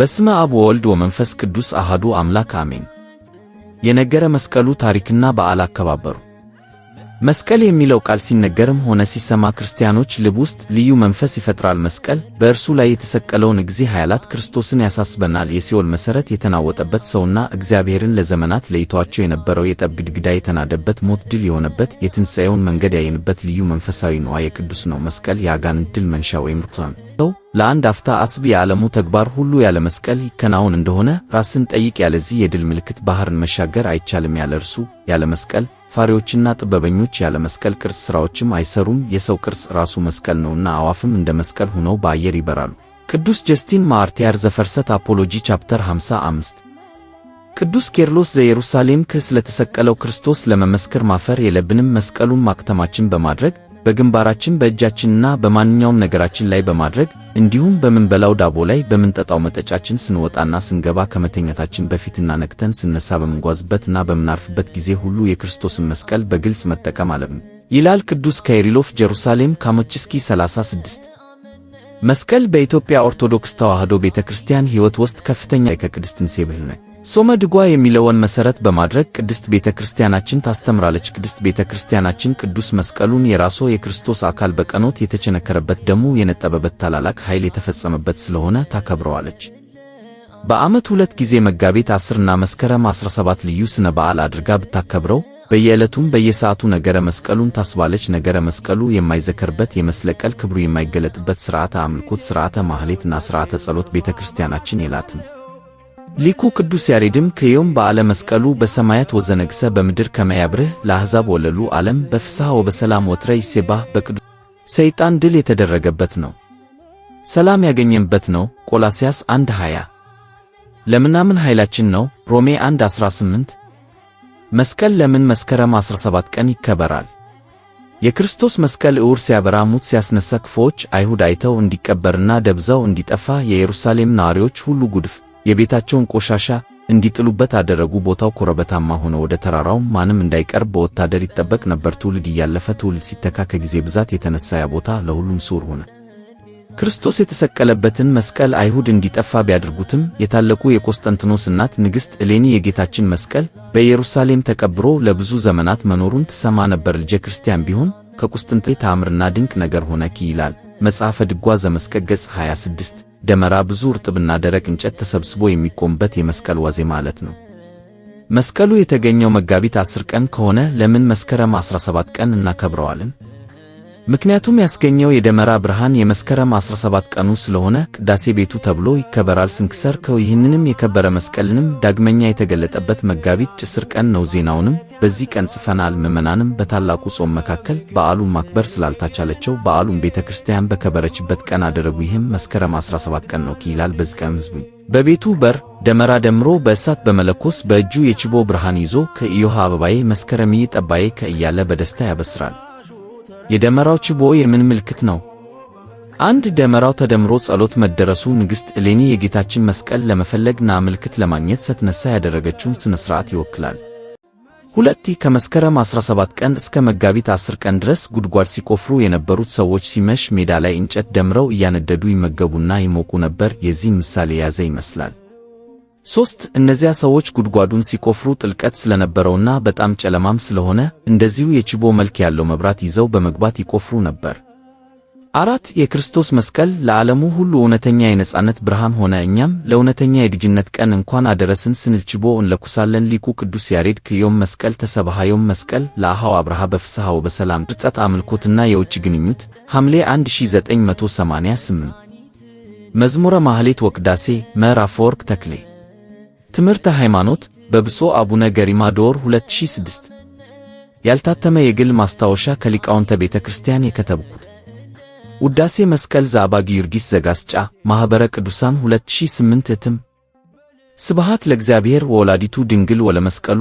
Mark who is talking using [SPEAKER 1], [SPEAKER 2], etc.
[SPEAKER 1] በስመ አብ ወወልድ ወመንፈስ ቅዱስ አሃዱ አምላክ አሜን። የነገረ መስቀሉ ታሪክና በዓል አከባበሩ መስቀል የሚለው ቃል ሲነገርም ሆነ ሲሰማ ክርስቲያኖች ልብ ውስጥ ልዩ መንፈስ ይፈጥራል። መስቀል በእርሱ ላይ የተሰቀለውን እግዚእ ኃያላት ክርስቶስን ያሳስበናል። የሲኦል መሠረት የተናወጠበት ሰውና እግዚአብሔርን ለዘመናት ለይቷቸው የነበረው የጠብ ግድግዳ የተናደበት፣ ሞት ድል የሆነበት፣ የትንሣኤውን መንገድ ያየንበት ልዩ መንፈሳዊ ነዋ የቅዱስ ነው። መስቀል የአጋንንት ድል መንሻ ወይም ሰው ለአንድ አፍታ አስብ። የዓለሙ ተግባር ሁሉ ያለ መስቀል ይከናወን እንደሆነ ራስን ጠይቅ። ያለዚህ የድል ምልክት ባህርን መሻገር አይቻልም። ያለ እርሱ ያለ መስቀል ፋሪዎችና ጥበበኞች ያለ መስቀል ቅርጽ ሥራዎችም አይሰሩም። የሰው ቅርጽ ራሱ መስቀል ነውና አዋፍም እንደ መስቀል ሆነው በአየር ይበራሉ። ቅዱስ ጀስቲን ማርቲያር ዘፈርሰት አፖሎጂ ቻፕተር 55 ቅዱስ ኬርሎስ ዘኢየሩሳሌም ክህ ስለተሰቀለው ክርስቶስ ለመመስከር ማፈር የለብንም መስቀሉን ማክተማችን በማድረግ በግንባራችን በእጃችንና በማንኛውም ነገራችን ላይ በማድረግ እንዲሁም በምንበላው ዳቦ ላይ በምንጠጣው መጠጫችን ስንወጣና ስንገባ ከመተኛታችን በፊትና ነክተን ስነሳ በምንጓዝበትና በምናርፍበት ጊዜ ሁሉ የክርስቶስን መስቀል በግልጽ መጠቀም አለብን ይላል ቅዱስ ካይሪሎፍ ጀሩሳሌም ካሞችስኪ 36 መስቀል በኢትዮጵያ ኦርቶዶክስ ተዋሕዶ ቤተ ክርስቲያን ሕይወት ውስጥ ከፍተኛ የከቅድስትን ሴብህ ነው ሶመ ድጓ የሚለውን መሰረት በማድረግ ቅድስት ቤተ ክርስቲያናችን ታስተምራለች። ቅድስት ቤተ ክርስቲያናችን ቅዱስ መስቀሉን የራሷ የክርስቶስ አካል በቀኖት የተቸነከረበት፣ ደሙ የነጠበበት፣ ታላላቅ ኃይል የተፈጸመበት ስለሆነ ታከብረዋለች። በዓመት ሁለት ጊዜ መጋቢት 10 እና መስከረም 17 ልዩ ስነ በዓል አድርጋ ብታከብረው በየዕለቱም በየሰዓቱ ነገረ መስቀሉን ታስባለች። ነገረ መስቀሉ የማይዘከርበት የመስለቀል ክብሩ የማይገለጥበት ስርዓተ አምልኮት፣ ስርዓተ ማህሌትና ስርዓተ ጸሎት ቤተ ክርስቲያናችን የላትም። ሊኩ ቅዱስ ያሬድም ከዮም በዓለ መስቀሉ በሰማያት ወዘነግሰ በምድር ከመያብርህ ለአሕዛብ ወለሉ ዓለም በፍስሐ ወበሰላም ወትረ ይሴባህ በቅዱስ ሰይጣን ድል የተደረገበት ነው። ሰላም ያገኘንበት ነው። ቆላስያስ 1 20 ለምናምን ኃይላችን ነው። ሮሜ 1 18 መስቀል ለምን መስከረም 17 ቀን ይከበራል? የክርስቶስ መስቀል እውር ሲያበራ ሙት ሲያስነሳ ክፉዎች አይሁድ አይተው እንዲቀበርና ደብዛው እንዲጠፋ የኢየሩሳሌም ነዋሪዎች ሁሉ ጉድፍ የቤታቸውን ቆሻሻ እንዲጥሉበት አደረጉ። ቦታው ኮረበታማ ሆነ። ወደ ተራራው ማንም እንዳይቀርብ በወታደር ይጠበቅ ነበር። ትውልድ እያለፈ ትውልድ ሲተካ ከጊዜ ብዛት የተነሳ ያ ቦታ ለሁሉም ስውር ሆነ። ክርስቶስ የተሰቀለበትን መስቀል አይሁድ እንዲጠፋ ቢያደርጉትም የታላቁ የኮንስታንቲኖስ እናት ንግሥት ዕሌኒ የጌታችን መስቀል በኢየሩሳሌም ተቀብሮ ለብዙ ዘመናት መኖሩን ትሰማ ነበር። ልጄ ክርስቲያን ቢሆን ከቁስጥንጤ ተአምርና ድንቅ ነገር ሆነ ይላል መጽሐፈ ድጓ ዘመስቀል ገጽ 26 ደመራ ብዙ እርጥብና ደረቅ እንጨት ተሰብስቦ የሚቆምበት የመስቀል ዋዜማ ማለት ነው። መስቀሉ የተገኘው መጋቢት 10 ቀን ከሆነ ለምን መስከረም 17 ቀን እናከብረዋለን? ምክንያቱም ያስገኘው የደመራ ብርሃን የመስከረም 17 ቀኑ ስለሆነ ቅዳሴ ቤቱ ተብሎ ይከበራል። ስንክሳር ከው ይህንንም የከበረ መስቀልንም ዳግመኛ የተገለጠበት መጋቢት ጭስር ቀን ነው። ዜናውንም በዚህ ቀን ጽፈናል። ምዕመናንም በታላቁ ጾም መካከል በዓሉን ማክበር ስላልታቻለቸው በዓሉን ቤተ ክርስቲያን በከበረችበት ቀን አደረጉ። ይህም መስከረም 17 ቀን ነው ይላል። በዚህ ቀን በቤቱ በር ደመራ ደምሮ በእሳት በመለኮስ በእጁ የችቦ ብርሃን ይዞ ከኢዮሃ አበባዬ መስከረም ጠባዬ ከእያለ በደስታ ያበስራል። የደመራው ችቦ የምን ምልክት ነው? አንድ ደመራው ተደምሮ ጸሎት መደረሱ ንግሥት እሌኒ የጌታችን መስቀል ለመፈለግና ምልክት ለማግኘት ስትነሳ ያደረገችውን ሥነ ሥርዓት ይወክላል። ሁለቲ ከመስከረም 17 ቀን እስከ መጋቢት 10 ቀን ድረስ ጉድጓድ ሲቆፍሩ የነበሩት ሰዎች ሲመሽ ሜዳ ላይ እንጨት ደምረው እያነደዱ ይመገቡና ይሞቁ ነበር። የዚህ ምሳሌ የያዘ ይመስላል። ሶስት እነዚያ ሰዎች ጉድጓዱን ሲቆፍሩ ጥልቀት ስለነበረውና በጣም ጨለማም ስለሆነ እንደዚሁ የችቦ መልክ ያለው መብራት ይዘው በመግባት ይቆፍሩ ነበር። አራት የክርስቶስ መስቀል ለዓለሙ ሁሉ እውነተኛ የነጻነት ብርሃን ሆነ። እኛም ለእውነተኛ የልጅነት ቀን እንኳን አደረስን ስንል ችቦ እንለኩሳለን። ሊቁ ቅዱስ ያሬድ ክዮም መስቀል ተሰብሃዮም መስቀል ለአሃው አብርሃ በፍስሐው በሰላም ቅርጸት አምልኮትና የውጭ ግንኙት ሐምሌ 1988 መዝሙረ ማህሌት ወቅዳሴ ምዕራፍ ወርቅ ተክሌ ትምህርተ ሃይማኖት በብፁዕ አቡነ ገሪማ ዶር 2006 ያልታተመ የግል ማስታወሻ ከሊቃውንተ ቤተ ክርስቲያን የከተብኩት። ውዳሴ መስቀል ዘአባ ጊዮርጊስ ዘጋስጫ ማኅበረ ቅዱሳን 2008 እትም። ስብሃት ለእግዚአብሔር ወወላዲቱ ድንግል ወለመስቀሉ